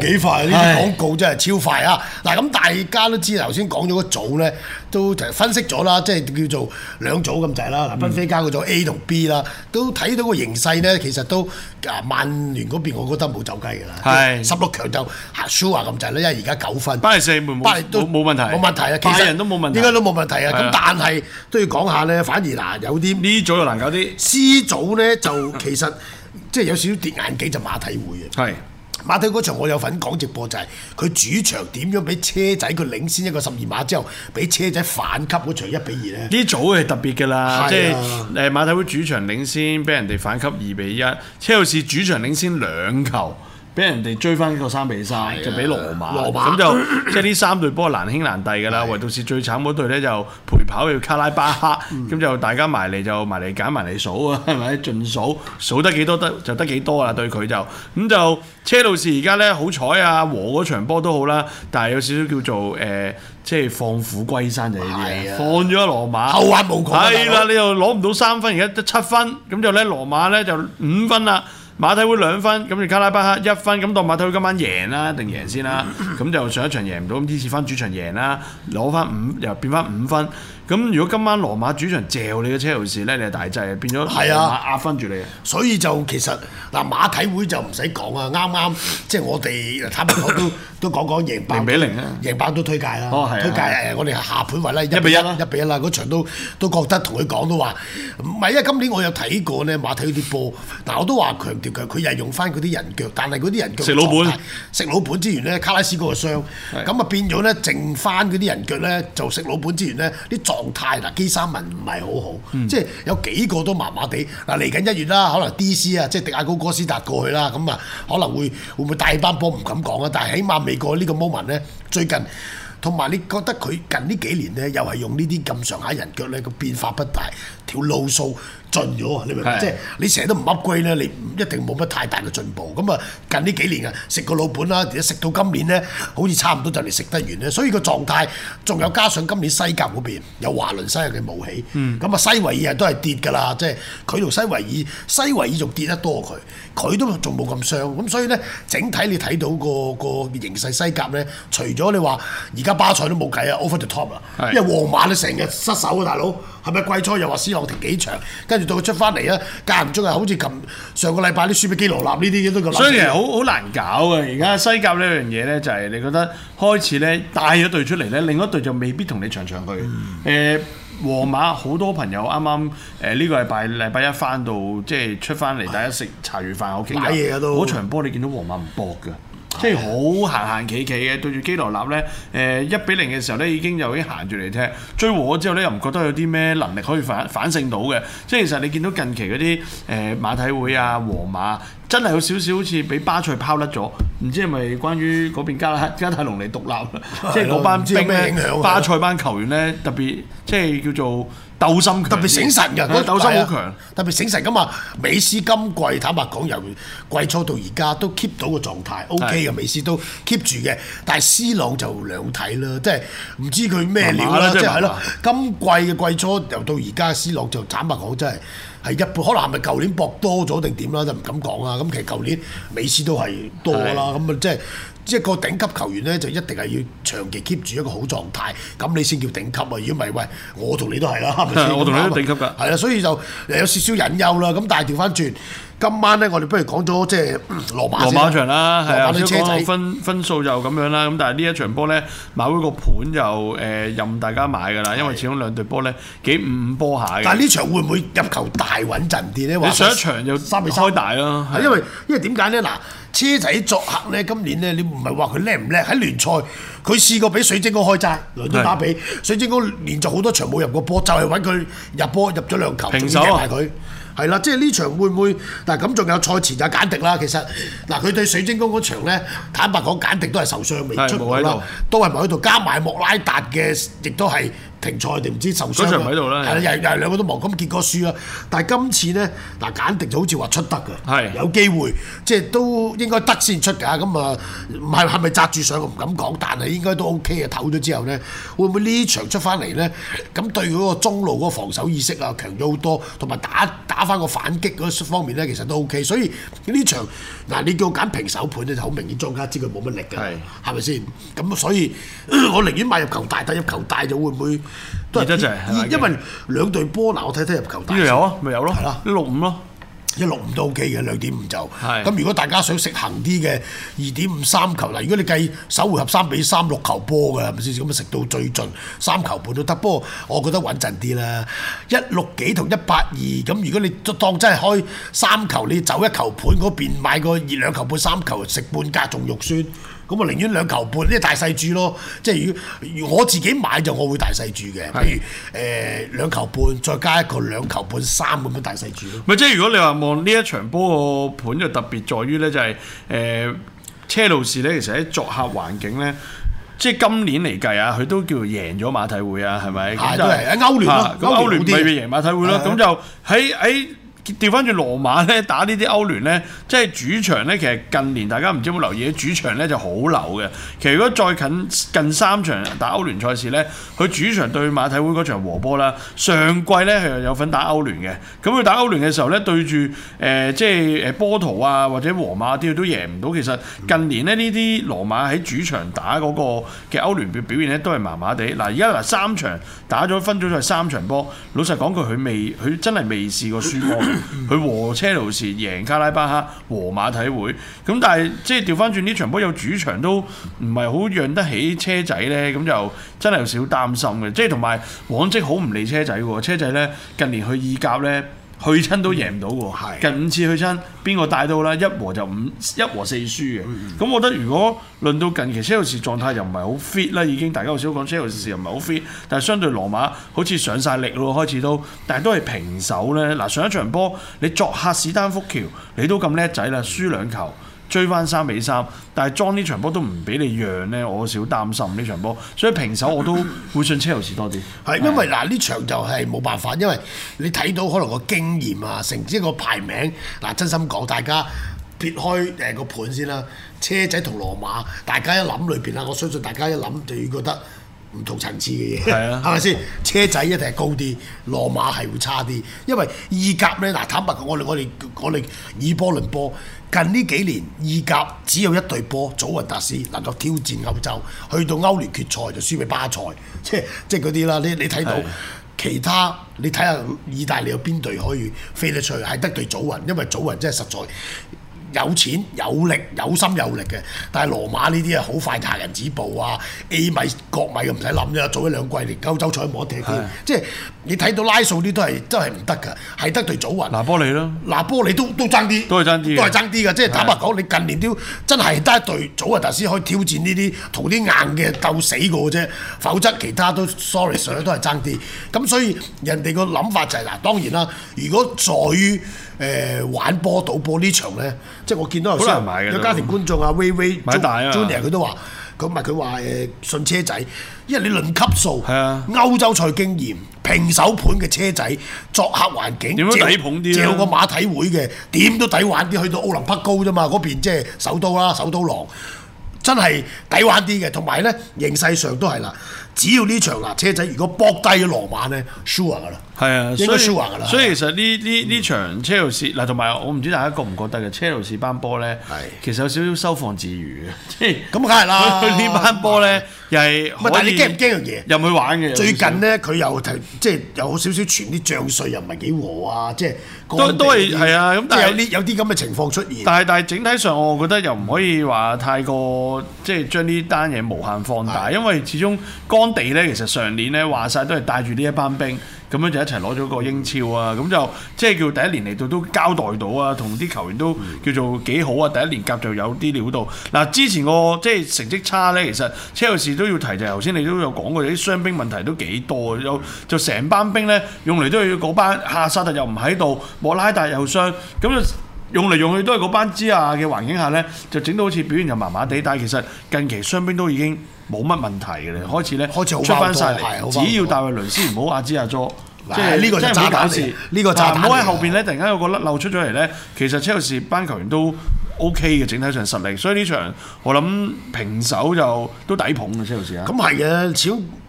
幾快？呢啲廣告真係超快啊！嗱，咁大家都知頭先講咗個組咧，都分析咗啦，即係叫做兩組咁滯啦。嗱，賓菲加嗰組 A 同 B 啦，都睇到個形勢咧，其實都啊，曼聯嗰邊我覺得冇走雞㗎啦。係十六強就嚇蘇啊咁滯啦，因為而家九分。巴黎冇冇冇問題。冇問題啊，巴爾人都冇問題，應該都冇問題啊。咁是的 但係都要講下咧，反而嗱有啲呢組又難搞啲。C 組咧就其實 即係有少少跌眼鏡就馬體會啊。係的。馬體會嗰場我有份講直播，就係、是、佢主場點樣俾車仔佢領先一個十二碼之後，俾車仔反級嗰場比這一比二咧。呢組係特別㗎喇，啊、即係誒馬體會主場領先，俾人哋反級二比一。車路士主場領先兩球。俾人哋追翻個三比三、啊，就俾羅馬咁馬就 即係呢三隊波難兄難弟㗎啦。唯獨係最慘嗰隊咧就陪跑去卡拉巴克，咁、嗯、就大家埋嚟就埋嚟揀埋嚟數啊，係咪盡數數得幾多得就得幾多啦？對佢就咁就車路士而家咧好彩啊，和嗰場波都好啦，但係有少少叫做誒、呃、即係放虎歸山就呢啲嘢，啊、放咗羅馬後患無窮、啊。係啦，大哥 你又攞唔到三分，而家得七分，咁就咧羅馬咧就五分啦。馬體會兩分，咁就卡拉巴克一分，咁當馬體會今晚贏啦定贏先啦，咁就上一場贏唔到，咁依次翻主場贏啦，攞翻五又變翻五分。咁如果今晚羅馬主場嚼你嘅車路士咧，你係大劑啊，變咗啊，壓翻住你。啊。所以就其實嗱馬體會就唔使講啊，啱啱即係我哋坦白講都都講講贏爆都。零比零啊，贏爆都推介啦。哦、啊，推介、啊、我哋下盤話咧一比一，一比一啦，嗰場都都覺得同佢講都話唔係，因為、啊、今年我有睇過咧馬體啲波，但我都話強調佢，佢又用翻嗰啲人腳，但係嗰啲人腳食老本，食老本之餘咧，卡拉斯哥嘅傷，咁啊的變咗咧，剩翻嗰啲人腳咧就食老本之餘咧啲狀態嗱，基三文唔係好好，嗯、即係有幾個都麻麻地嗱，嚟緊一月啦，可能 D.C. 啊，即係迪亞高哥斯達過去啦，咁啊可能會會唔會大班波唔敢講啊？但係起碼未過呢個 moment 呢，最近同埋你覺得佢近呢幾年呢，又係用呢啲咁上下人腳呢個變化不大。條路數盡咗，你明唔明？是的 即係你成日都唔 update 咧，你一定冇乜太大嘅進步。咁啊，近呢幾年啊，食個老本啦，而家食到今年咧，好似差唔多就嚟食得完咧。所以個狀態仲有加上今年西甲嗰邊有華倫西亞嘅武器。咁啊、嗯、西維爾都係跌㗎啦。即係佢同西維爾，西維爾仲跌得多佢，佢都仲冇咁傷。咁所以咧，整體你睇到、嗰個、嗰個形勢西甲咧，除咗你話而家巴塞都冇計啊，over the top 啦，是的 因為皇馬咧成日失手啊，大佬係咪季初又話坐停幾場，跟住到佢出翻嚟咧，間唔中係好似琴，上個禮拜啲輸俾基羅納呢啲嘢都咁。所以其實好好難搞啊！而家西甲呢樣嘢咧，就係你覺得開始咧帶咗隊出嚟咧，另一隊就未必同你長長去。誒、嗯呃，皇馬好多朋友啱啱誒呢個禮拜禮拜一翻到，即、就、係、是、出翻嚟，大家食茶餘飯屋企飲。買嘢都。嗰場波你見到皇馬唔搏㗎？即係好行行企企嘅，對住基羅納呢，誒一比零嘅時候呢已經又已經行住嚟踢，追和之後呢，又唔覺得有啲咩能力可以反反勝到嘅。即係其實你見到近期嗰啲誒馬體會啊、皇馬，真係有少少好似俾巴塞拋甩咗。唔知係咪關於嗰邊加拉加泰隆尼獨立，即係嗰班唔知咩影響巴塞班球員呢，特別即係叫做。鬥心特別醒神，人嗰個鬥心好強。特別醒神噶嘛，美斯今季坦白講由季初到而家都 keep 到個狀態的，OK 咁。美斯都 keep 住嘅，但係 C 朗就兩睇啦，即係唔知佢咩料啦，即係係咯。今季嘅季初由到而家，C 朗就坦白講真係係一般，可能係咪舊年搏多咗定點啦？就唔敢講啊。咁其實舊年美斯都係多啦，咁啊的即係。即係個頂級球員咧，就一定係要長期 keep 住一個好狀態，咁你先叫頂級啊！如果唔係，喂，我同你都係啦，係啊，係咪先？我同你都頂級噶，係啊，所以就有少少隱憂啦。咁但係調翻轉。今晚咧，我哋不如講咗即係羅，羅馬場啦，係啊，如果講分分數就咁樣啦。咁但係呢一場波咧，馬會個盤就誒任大家買㗎啦，是的 因為始終兩隊波咧幾五五波鞋。但係呢場會唔會入球大穩陣啲咧？你上一場就三比三開大咯，因為因為點解咧？嗱，車仔作客咧，今年咧你唔係話佢叻唔叻？喺聯賽佢試過俾水晶宮開齋兩隊打比是的，水晶宮連續好多場冇入過波，就係揾佢入波入咗兩球，球球平手啊！係啦，即係呢場會唔會？但係咁仲有賽前就係簡迪啦。其實嗱，佢、啊、對水晶宮嗰場咧，坦白講簡迪都係受傷未的出到，都係冇喺度。加埋莫拉達嘅亦都係。停賽定唔知受傷？嗰場喺度啦，係又又係兩個都冇，咁結果輸啦。但係今次呢，嗱簡迪就好似話出得嘅，係是的 有機會，即係都應該得先出㗎。咁啊，唔係係咪紮住上？我唔敢講，但係應該都 O K 啊。唞咗之後呢，會唔會呢場出翻嚟呢？咁對嗰個中路嗰防守意識啊，強咗好多，同埋打打翻個反擊嗰方面呢，其實都 O、OK、K。所以呢場嗱、啊，你叫我揀平手盤呢，就好明顯莊家知佢冇乜力嘅，係咪先？咁所以我寧願買入球大，大，但入球大就會唔會？都係一齊，因為兩隊波嗱，我睇睇入球大。呢度有啊，咪有咯、啊，係啦，一六五咯，一六五都 OK 嘅，兩點五就。咁是的 如果大家想食恒啲嘅二點五三球嗱，如果你計首回合三比三六球波嘅，咪先咁啊食到最盡三球半都得，不過我覺得穩陣啲啦。一六幾同一八二，咁如果你當真係開三球，你走一球盤嗰邊買個二兩球半三球食半價仲肉酸。咁我寧願兩球半，呢個大細注咯。即係如果我自己買就我會大細注嘅。譬如誒兩球半，再加一個兩球半三咁樣大細注咯。咪即係如果你話望呢一場波個盤就特別在於咧，就係誒車路士咧，其實喺作客環境咧，即係今年嚟計啊，佢都叫贏咗馬體會啊，係咪？喺歐聯咯，歐聯未必贏馬體會咯。咁就喺喺。調翻轉羅馬咧打呢啲歐聯咧，即係主場咧，其實近年大家唔知有冇留意，主場咧就好流嘅。其實如果再近近三場打歐聯賽事咧，佢主場對馬體會嗰場和波啦，上季咧係有份打歐聯嘅。咁佢打歐聯嘅時候咧，對住誒、呃、即係誒波圖啊或者皇馬啲，都贏唔到。其實近年咧呢啲羅馬喺主場打嗰、嗰個嘅歐聯表表現咧都係麻麻地。嗱，而家嗱三場打咗分組賽三場波，老實講佢佢未佢真係未試過輸波。 佢和車路士、贏卡拉巴克、和馬體會，咁但係即係調翻轉呢場波有主場都唔係好讓得起車仔呢。咁就真係有少少擔心嘅。即係同埋往績好唔理車仔喎，車仔呢近年去意甲呢。去親都贏唔到喎，嗯、近五次去親邊個帶到啦？一和就五一和四輸嘅，咁、嗯、我覺得如果論到近期 Chelsea 狀態又唔係好 fit 啦，已經大家好少都講 Chelsea 又唔係好 fit，但係相對羅馬好似上晒力咯，開始都，但係都係平手咧。嗱，上一場波你作客史丹福橋你都咁叻仔啦，輸兩球。追翻三比三，但係莊呢場波都唔俾你讓呢，我少擔心呢場波，所以平手我都會信車路士多啲。係， 但 因為嗱呢場就係冇辦法，因為你睇到可能個經驗啊，成績個排名嗱，真心講，大家撇開誒個盤先啦，車仔同羅馬，大家一諗裏邊啊，我相信大家一諗就會覺得。唔同層次嘅嘢，係啊吧，係咪先？車仔一定係高啲，羅馬係會差啲，因為意甲呢，嗱，坦白講，我哋我哋我哋以波論波近呢幾年意甲只有一隊波，祖雲達斯能夠挑戰歐洲，去到歐聯決賽就輸俾巴塞，即係即係嗰啲啦。你你睇到是的 其他，你睇下意大利有邊隊可以飛得出去？係得隊祖雲，因為祖雲真係實在。有錢有力有心有力嘅，但係羅馬呢啲啊好快踏人止步啊！A 米國米又唔使諗啫，早一兩季連歐洲賽冇踢嘅，得是的 即係你睇到拉數啲都係真係唔得㗎，係得隊祖雲。拿波利咯，拿波利都都爭啲，都係爭啲，都係爭啲㗎。即係是的 坦白講，你近年都真係得一隊祖雲達斯可以挑戰呢啲同啲硬嘅鬥死過啫，否則其他都 sorry，Sir，都係爭啲。咁所以人哋個諗法就係、是、嗱，當然啦，如果在於。誒、呃、玩波賭波場呢場咧，即係我見到有啲人買嘅，有家庭觀眾啊，威威 Junior 佢都話：，咁唔係佢話誒信車仔，因為你論級數，啊、歐洲賽經驗，平手盤嘅車仔，作客環境，點都抵捧啲啦、啊，個馬體會嘅，點都抵玩啲，去到奧林匹高啫嘛，嗰邊即係首都啦，首都狼，真係抵玩啲嘅，同埋咧形勢上都係啦，只要呢場嗱車仔如果搏低羅馬咧，sure 噶啦。係啊，所以其實呢呢呢場車路士嗱，同埋我唔知大家覺唔覺得嘅車路士班波咧，係其實有少少收放自如嘅。咁梗係啦，佢呢班波咧又係。但你驚唔驚嘅嘢？又唔去玩嘅。最近咧，佢又提即係有少少傳啲將帥，又唔係幾和啊！即係都都係係啊。咁但係有啲有啲咁嘅情況出現。但係但係整體上，我覺得又唔可以話太過即係將呢單嘢無限放大，因為始終乾地咧，其實上年咧話晒都係帶住呢一班兵。咁樣就一齊攞咗個英超啊！咁就即係叫第一年嚟到都交代到啊，同啲球員都叫做幾好啊！第一年夾就有啲料到。嗱、啊，之前、嗰個即係成績差呢，其實車路士都要提，就係頭先你都有講過啲傷兵問題都幾多啊！有就成班兵呢，用嚟都要嗰班夏薩特又唔喺度，莫拉達又傷，咁用嚟用去都係嗰班支啊嘅環境下咧，就整到好似表現又麻麻地。但係其實近期雙邊都已經冇乜問題嘅啦，開始咧開始出翻晒嚟。只要戴維雷斯唔好阿支阿佐，啊啊啊、即係呢個係啱搞事。呢個唔好喺後邊咧，突然間有個甩漏出咗嚟咧。其實車路士班球員都 OK 嘅，整體上實力，所以呢場我諗平手就都抵捧嘅車路士啊。咁係啊，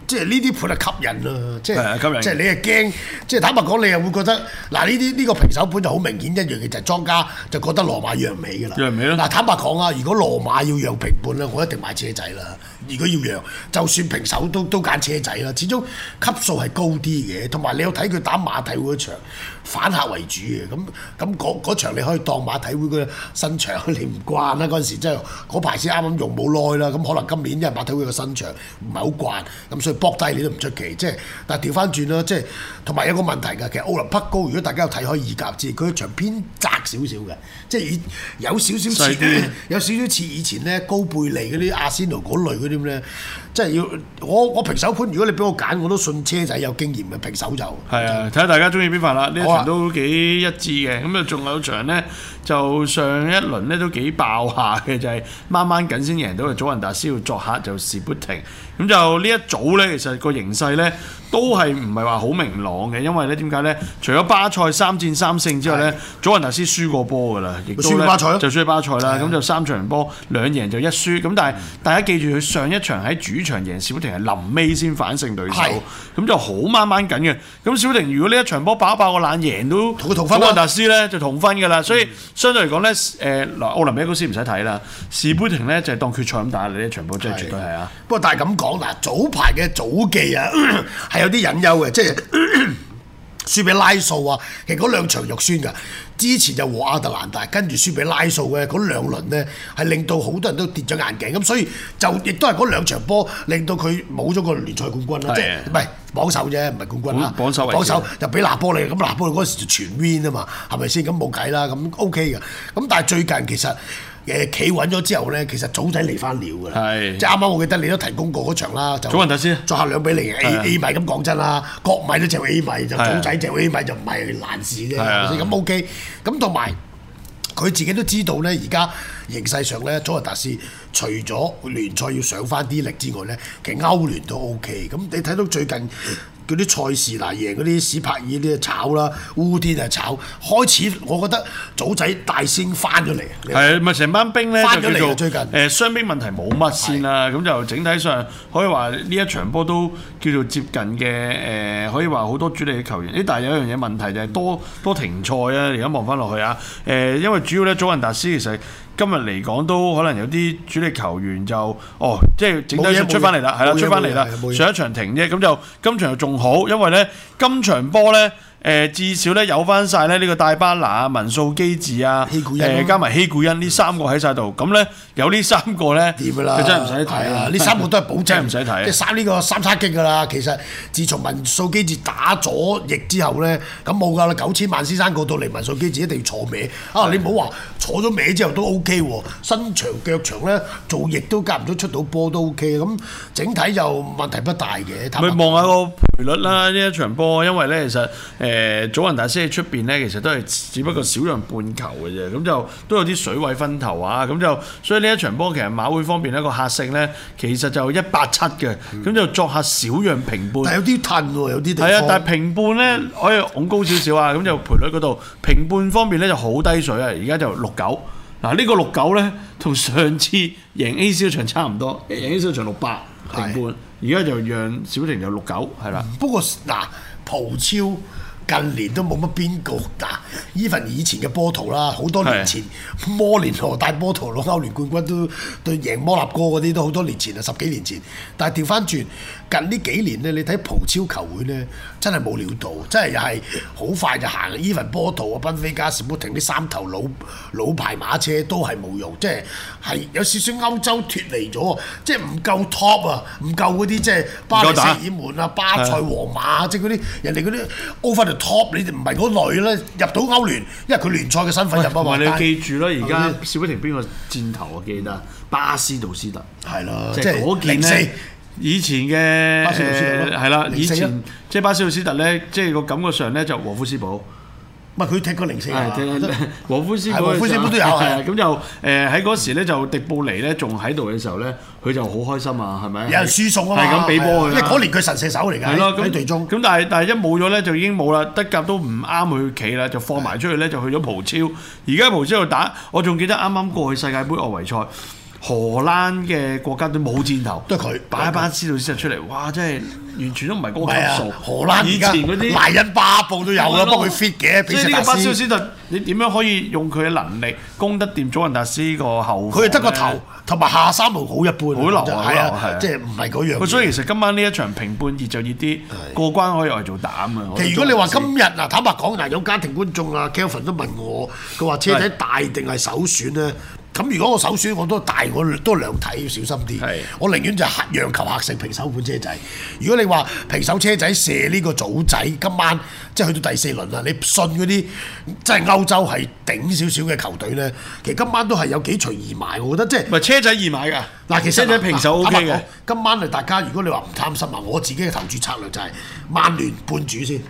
即係呢啲盤係吸引咯，即係即係你係驚，即係坦白講你又會覺得嗱呢啲呢個平手盤就好明顯一樣嘅就係、是、莊家就覺得羅馬讓唔起㗎啦。讓唔起啦！嗱坦白講啊，如果羅馬要讓平半咧，我一定買車仔啦。如果要讓，就算平手都都揀車仔啦。始終級數係高啲嘅，同埋你有睇佢打馬體會場反客為主嘅，咁咁嗰場你可以當馬體會嘅新場，你唔慣啦，嗰陣時真係嗰排先啱啱用冇耐啦，咁可能今年因為馬體會嘅新場唔係好慣，咁所以。搏低你都唔出奇，即係，但係調翻轉啦，即係同埋有個問題㗎。其實奧林匹高，如果大家有睇開二甲字，佢場偏窄少少嘅，即係有少少似，有少少似以前咧高貝利嗰啲阿仙奴嗰類嗰啲咧，即係要我我平手盤，如果你俾我揀，我都信車仔有經驗嘅平手就係啊，睇下大家中意邊份啦。呢一場都幾一致嘅，咁啊仲有場咧就上一輪咧都幾爆下嘅，就係掹掹緊先贏到嘅。祖雲達斯要作客就士砵亭。咁就呢一組呢，其實個形勢呢，都係唔係話好明朗嘅，因為呢點解呢？除咗巴塞三戰三勝之外呢，的祖雲達斯輸過波㗎啦，亦都輸巴、啊、就輸巴塞啦。咁的就三場波兩贏就一輸。咁但係大家記住佢上一場喺主場贏士砵亭係臨尾先反勝對手，咁的就好掹掹緊嘅。咁士砵亭如果呢一場波爆爆個冷贏都同分、啊、祖雲達斯呢就同分㗎啦。所以相對嚟講呢，誒嗱、嗯，奧、嗯、林比亞高斯唔使睇啦，士砵亭呢就係當決賽咁打你嘅、嗯、場波，真係絕對係啊。的不過但係咁講。嗱，早排嘅早季啊，係有啲隱憂嘅，即係輸俾拉素啊。其實嗰兩場肉酸噶，之前就和阿特蘭大，跟住輸俾拉素嘅嗰兩輪咧，係令到好多人都跌咗眼鏡。咁所以就亦都係嗰兩場波令到佢冇咗個聯賽冠軍啦、啊，的即係唔係榜首啫，唔係冠軍啦、啊。榜首榜首就俾拿波利，咁拿波利嗰時就全 win 啊嘛，係咪先？咁冇計啦，咁 OK 嘅。咁但係最近其實。企穩咗之後咧，其實祖仔嚟翻料嘅，是即係啱啱我記得你都提供過嗰場啦。祖雲達斯作客兩比零，A A 米咁講真啦，的國米都隻 A 米，的就祖仔隻 A 米就唔係難事啫，咁的的 OK 那。咁同埋佢自己都知道咧，而家形勢上咧，祖雲達斯除咗聯賽要上翻啲力之外咧，其實歐聯都 OK。咁你睇到最近。嗰啲賽事嗱、啊，贏嗰啲史柏爾啲就炒啦，烏天就炒，開始我覺得組仔大升翻咗嚟。係咪成班兵咧？翻咗嚟最近誒傷、呃、兵問題冇乜先啦，咁的就整體上可以話呢一場波都叫做接近嘅誒、呃，可以話好多主力嘅球員。誒，但係有一樣嘢問題就係多多停賽啊！而家望翻落去啊，誒、呃，因為主要咧，祖雲達斯其實。今日嚟講都可能有啲主力球員就哦，即係整低出翻嚟啦，係啦，出翻嚟啦，上一場停啫，咁就今場又仲好，因為咧今場波咧。誒至少咧有翻曬咧呢個戴巴拿啊、文素基治啊、誒加埋希古恩呢三個喺曬度，咁咧有呢三個咧，佢真係唔使睇啊！呢三個都係保證，真唔使睇。即係三呢個三叉戟㗎啦。其實自從文素基治打咗翼之後咧，咁冇㗎啦。九千萬先生過到嚟，文素基治一定要坐歪啊！你唔好話坐咗歪之後都 O K 喎，身長腳長咧做翼都間唔中出到波都 O K 嘅。咁整體就問題不大嘅。去望下個賠率啦，呢一場波，因為咧其實誒。誒祖雲大師喺出邊咧，其實都係只不過少量半球嘅啫，咁就都有啲水位分頭啊，咁就所以呢一場波其實馬會方面呢個客勝咧，其實就一八七嘅，咁、嗯、就作客小讓平半，有啲褪喎，有啲係啊，但係平半咧可以拱高少少 啊，咁就賠率嗰度平半方面咧就好低水啊，而家就六九嗱，呢個六九咧同上次贏 A 超場差唔多，嗯、贏 A 超場六百平半是，而家就讓小婷就六九係啦，不過嗱葡超，超。啊近年都冇乜邊個啊？even 以前嘅波圖啦，好多年前的摩連奴帶波圖攞歐聯冠軍都對贏摩納哥嗰啲都好多年前啊，十幾年前。但係調翻轉近呢幾年咧，你睇葡超球會咧，真係冇料到，真係又係好快就行啦。even 波圖啊、賓菲加、士砵亭啲三頭老老牌馬車都係冇用，即係係有少少歐洲脱離咗，即係唔夠 top 啊，唔夠嗰啲即係巴塞爾門啊、巴塞皇馬啊，即係嗰啲人哋嗰啲歐分量。Top，你哋唔係嗰類咧，入到歐聯，因為佢聯賽嘅身份入啊嘛。唉是你要你記住啦，而家邵偉庭邊個箭頭啊記得？巴斯杜斯特係咯，即係的件四 04 以前嘅巴斯杜斯特係啦，以前即係、啊、巴斯杜斯特咧，即係個感覺上咧就和夫斯堡。唔係佢踢過零四啊，皇夫斯嗰皇夫斯嗰都有，咁就誒喺嗰時咧就迪布尼咧仲喺度嘅時候咧，佢就好開心啊，係咪？有人輸送啊嘛，係咁俾波佢。即係嗰年佢神射手嚟㗎喺隊中。咁但係但係一冇咗咧就已經冇啦，德甲都唔啱佢企啦，就放埋出去咧就去咗葡超。而家葡超度打，我仲記得啱啱過去世界盃外圍賽。荷蘭嘅國家都冇箭頭，都係佢擺一班斯徒斯特出嚟，哇！即係完全都唔係高級數。荷蘭以前嗰啲賴因巴布都有啦，不過佢 fit 嘅。即係一班斯徒斯你點樣可以用佢嘅能力攻得掂祖雲達斯個後？佢係得個頭同埋下三路好一般，好流啊流，即係唔係嗰樣。所以其實今晚呢一場平半熱就熱啲，過關可以嚟做膽啊！如果你話今日嗱坦白講嗱，有家庭觀眾啊，Kelvin 都問我，佢話車仔大定係首選咧。咁如果我首選我都大，我都兩睇，要小心啲。是的 我寧願就客讓球客勝平手半車仔。如果你話平手車仔射呢個組仔，今晚即係去到第四輪啦，你信嗰啲真係歐洲係頂少少嘅球隊咧？其實今晚都係有幾隨意買，我覺得即係。唔係車仔易買㗎，嗱，其實車仔平手 O K 嘅。今晚啊，大家如果你話唔貪心啊，我自己嘅投注策略就係曼聯半主先。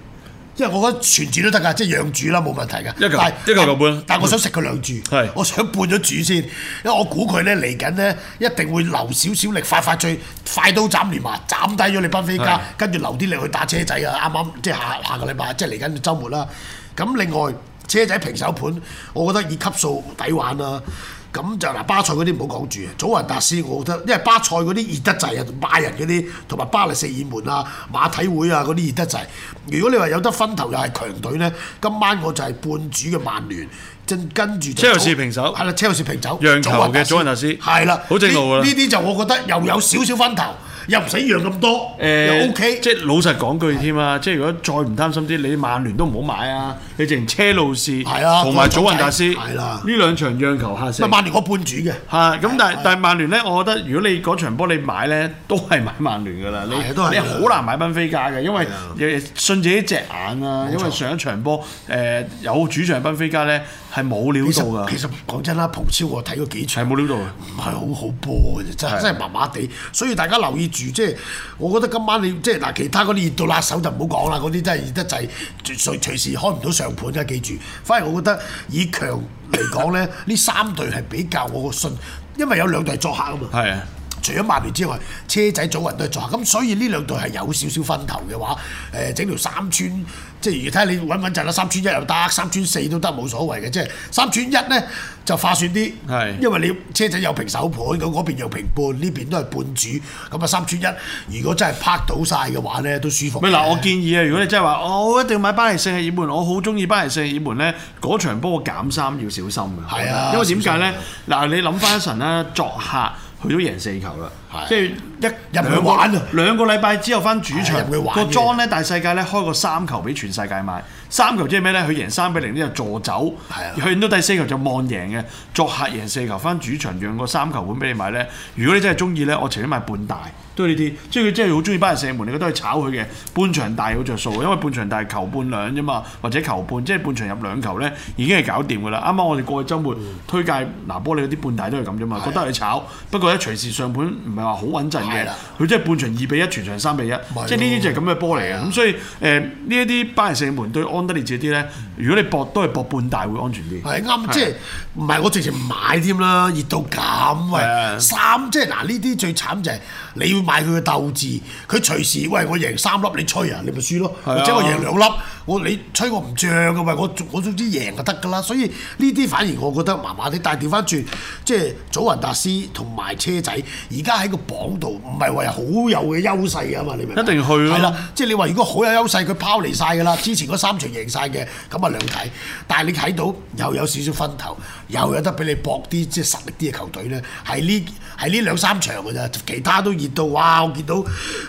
即係我覺得全主都得噶，即係讓主啦，冇問題噶。一個球，但一個半。但係我想食佢兩注，係。是的 我想半咗主先，因為我估佢咧嚟緊咧一定會留少少力，快快脆，快刀斬亂麻，斬低咗你賓菲加，跟住留啲力去打車仔啊！啱啱即係下下個禮拜，即係嚟緊週末啦。咁另外車仔平手盤，我覺得以級數抵玩啦，啊。咁就嗱，巴塞嗰啲唔好講住啊，祖雲達斯我覺得，因為巴塞嗰啲熱得滯啊，拜仁嗰啲同埋巴黎四爾門啊、馬體會啊嗰啲熱得滯。如果你話有得分頭又係強隊咧，今晚我就係半主嘅曼聯，正跟住。車路士平手，係啦，車路士平手，讓球嘅祖雲達斯，係啦，好的正路啊。呢啲就我覺得又有少少分頭。又唔使讓咁多，又 OK，即係老實講句添啊！即係如果再唔貪心啲，你曼聯都唔好買啊！你淨係車路士，係啊，同埋祖雲達斯，係啦，呢兩場讓球下先。曼聯我半主嘅，係咁，但係但係曼聯咧，我覺得如果你嗰場波你買咧，都係買曼聯㗎啦。你你好難買賓菲加嘅，因為信自己隻眼啊。因為上一場波，誒有主場賓菲加咧，係冇料到㗎。其實講真啦，葡超我睇過幾場係冇料到，唔係好好波嘅，真係真係麻麻地。所以大家留意。即係，我覺得今晚你即係嗱，其他嗰啲熱到辣手就唔好講啦，嗰啲真係熱得滯，隨隨時開唔到上盤真係，記住。反而我覺得以強嚟講呢，呢 三隊係比較我個信，因為有兩隊作客啊嘛。係啊。除咗曼聯之外，車仔祖雲都係作客，咁所以呢兩隊係有少少分頭嘅話，誒整條三串，即係睇下你穩唔穩陣啦。三串一又得，三串四都得，冇所謂嘅。即係三串一咧就化算啲，係因為你車仔有平手盤，咁嗰邊又平半，呢邊都係半主，咁啊三串一，如果真係拍到晒嘅話咧都舒服。嗱，我建議啊，如果你真係話我一定要買巴黎聖日耳門，我好中意巴黎聖日耳門咧，嗰場波減三要小心嘅，係啊，因為點解咧？嗱，你諗翻一陣啦，作客。去咗贏四球啦，的即係一入去玩，兩個禮拜玩之後翻主場去玩的個莊咧，的大世界咧開個三球俾全世界買，三球即係咩咧？佢贏三比零之後坐走，的去到第四球就望贏嘅，作客贏四球翻主場讓個三球盤俾你買咧。如果你真係中意咧，我除咗買半大。呢啲，即係佢真係好中意巴爾射門，你覺得係炒佢嘅半場大好着數，因為半場大係球半兩啫嘛，或者球半，即係半場入兩球咧已經係搞掂㗎啦。啱啱我哋過去週末推介嗱波利嗰啲半大都係咁啫嘛，覺得係炒，不過一隨時上盤唔係話好穩陣嘅，佢即係半場二比一，全場三比一，即係呢啲就係咁嘅波嚟嘅。咁所以誒呢一啲巴爾射門對安德烈這啲咧，如果你搏都係搏半大會安全啲。係啱，即係唔係我直接買添啦，熱到咁喂三，即係嗱呢啲最慘就係你要。賣佢嘅鬥志，佢隨時喂我贏三粒你吹啊，你咪輸咯，或者是、啊、我贏兩粒。我你吹我唔漲啊嘛！我我總之贏就得㗎啦，所以呢啲反而我覺得麻麻哋。但係調翻轉，即係祖雲達斯同埋車仔，而家喺個榜度唔係話好有嘅優勢啊嘛！你明？一定要去咯，啊。係啦，即係你話如果好有優勢，佢拋離晒㗎啦。之前嗰三場贏晒嘅，咁啊兩睇。但係你睇到又有少少分頭，又有得俾你搏啲即係實力啲嘅球隊咧。係呢係呢兩三場㗎咋，其他都熱到哇！我見到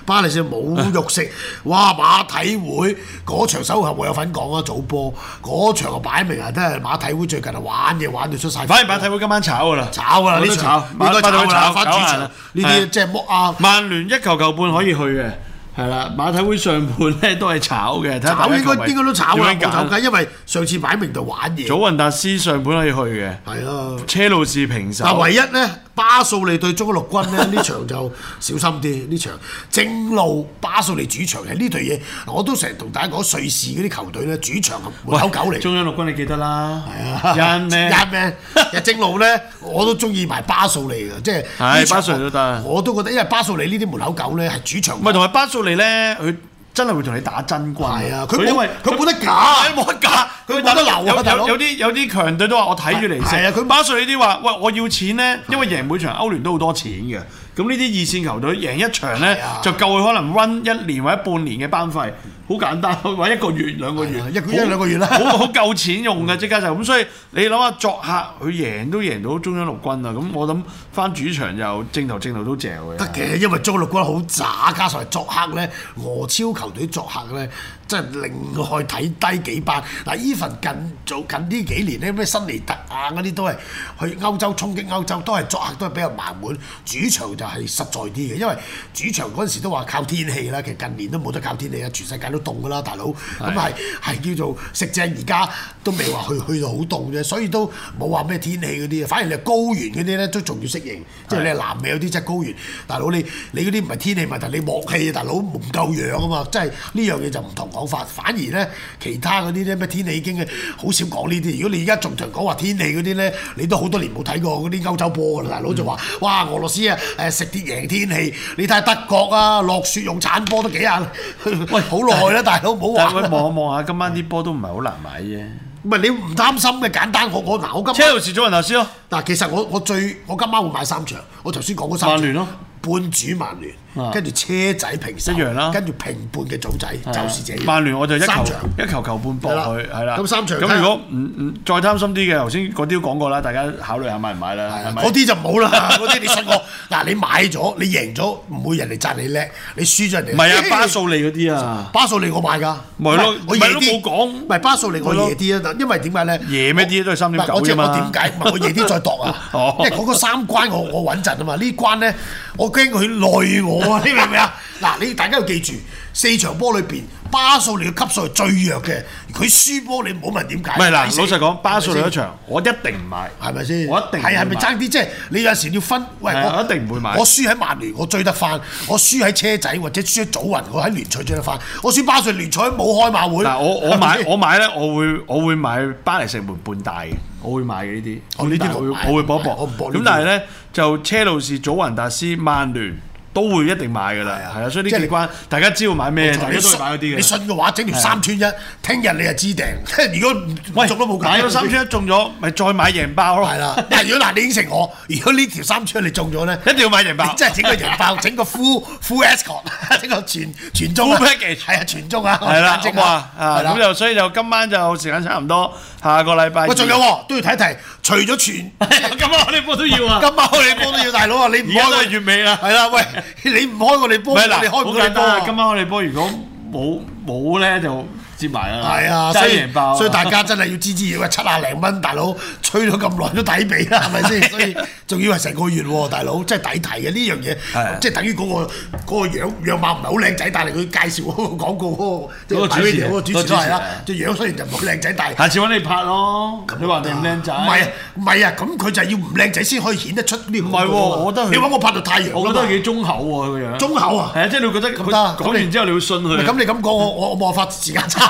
巴黎斯冇肉食，哇、嗯、馬體會嗰場守我有份講啊，早波嗰場就擺明啊，真係馬體會最近啊玩嘢玩到出晒。反而馬體會今晚炒噶啦，炒噶啦，呢場炒，馬體會炒翻主場呢啲即係摩啊，曼聯一球球半可以去嘅，係啦。馬體會上半咧都係炒嘅，炒應該應該都炒啊，冇因為上次擺明就玩嘢。祖雲達斯上半可以去嘅，係咯。車路士平手。唯一咧。巴素利對中央陸軍咧呢場就 小心啲，呢場正路巴素利主場係呢隊嘢，我都成日同大家講瑞士嗰啲球隊咧主場係門口狗嚟。中央陸軍你記得啦，係啊， 一命。一命。日正路咧我都中意埋巴素利嘅，即係係巴素利都得。我都覺得，因為巴素利呢啲門口狗咧係主場。唔係同埋巴素利咧佢。真係會同你打真怪啊！佢因為佢冇得假，冇得假，佢打得流啊！有有啲有啲強隊都話：我睇住嚟成日。佢巴塞呢啲話：喂，我要錢咧，因為贏每場歐聯都好多錢嘅。咁呢啲二線球隊贏一場咧，啊、就夠佢可能温一年或者半年嘅班費。好簡單，話一個月兩個月，哎、呀很一個月一兩個月啦，好夠錢用嘅即 刻就咁。所以你諗下作客佢贏都贏到中央陸軍啊！咁我諗翻主場就正頭正頭都正嘅。得嘅，因為中央陸軍好渣，加上係作客咧，俄超球隊作客咧。真係令佢睇低幾百嗱，依份近早近呢幾年咧，咩新尼特啊嗰啲都係去歐洲衝擊歐洲，都係作客都係比較麻滿。主場就係實在啲嘅，因為主場嗰陣時都話靠天氣啦。其實近年都冇得靠天氣啊，全世界都凍㗎啦，大佬咁係係叫做，食正而家都未話去去到好凍啫，所以都冇話咩天氣嗰啲，反而你高原嗰啲咧都仲要適應，即係你係南美有啲即係高原，大佬你你嗰啲唔係天氣問題，你幕氣啊，大佬唔夠氧啊嘛，即係呢樣嘢就唔同。反而咧，其他嗰啲咧咩天氣已經嘅好少講呢啲。如果你而家仲同人講話天氣嗰啲咧，你都好多年冇睇過嗰啲歐洲波啦。大佬就話，嗯、哇，俄羅斯啊，誒食啲贏天氣。你睇下德國啊，落雪用鏟波都幾硬。喂，好耐啦，大佬唔好話。喂，望一望下，今晚啲波都唔係好難買啫。唔係你唔擔心嘅，簡單，我我嗱，我今車路士又蝕咗雲達斯咯。嗱，其實我我最我今晚會買三場，我頭先講過三場。曼聯咯，半主曼聯。跟住車仔平一樣啦，跟住平半嘅組仔就是這樣。曼聯我就一球一球球半博佢，係啦。咁三場咁如果唔唔再貪心啲嘅，頭先嗰啲都講過啦，大家考慮下買唔買啦。嗰啲就冇啦，嗰啲你信我嗱，你買咗你贏咗唔會人哋讚你叻，你輸咗人哋。唔係啊，巴素利嗰啲啊，巴素利我買㗎，咪咯，我贏啲。唔係巴素利我贏啲啊，因為點解咧贏咩啲都係三點九啫嘛。我即係我點解？問我贏啲再賭啊，因為嗰個三關我我穩陣啊嘛。呢關咧我驚佢累我。我你明唔明啊？嗱，你大家要記住，四場波裏邊，巴素利嘅級數係最弱嘅，佢輸波你唔好問點解。唔係嗱，老實講，巴素利一場我一定唔買，係咪先？我一定係係咪爭啲？即係你有時要分。喂，我一定唔會買。我輸喺曼聯，我追得翻；我輸喺車仔或者輸喺祖雲，我喺聯賽追得翻。我輸巴素利聯賽冇開馬會。嗱，我我買我買咧，我會我會買巴黎城盤半大嘅，我會買嘅呢啲。我呢啲我會搏一搏。我唔搏。咁但係咧，就車路士、祖雲達斯、曼聯。都會一定買噶啦，係啊，所以呢幾關大家知要買咩，大家都會買嗰啲嘅。你信嘅話，整條三串一，聽日你就知訂。如果我中都冇計，買咗三串一中咗，咪再買贏包咯。係啦，但係如果嗱你應承我，如果呢條三串你中咗咧，一定要買贏包。即係整個贏包，整個 full full escort，整個全全中。full p 係啊，全中啊，係啦，哇，係啊。咁就所以就今晚就時間差唔多，下個禮拜。我中咗喎，都要睇睇！除咗全， 今晚我哋波都要啊！今晚我哋波都要， 大佬啊！你而家都係月尾啦，係啦了， 喂，你唔開我哋波， 你嗱，冇咁多啊！ 今晚我哋波如果冇冇咧就。埋啦，係啊，所以大家真係要知之以七啊零蚊，大佬吹咗咁耐都抵俾啦，係咪先？所以仲要係成個月喎，大佬真係抵睇嘅呢樣嘢，即係等於嗰個嗰個樣貌唔係好靚仔，但係佢介紹嗰個廣告嗰個主持，嗰個主持啊，即係樣雖然就唔好靚仔，但係下次揾你拍咯。咁你話靚唔靚仔？唔係啊，唔係啊，咁佢就係要唔靚仔先可以顯得出呢？唔係喎，你揾我拍到太陽，我覺得幾忠厚喎，佢個樣忠厚啊，係啊，即係你會覺得講完之後，你會信佢。咁，你咁講我，我我冇辦法時間差。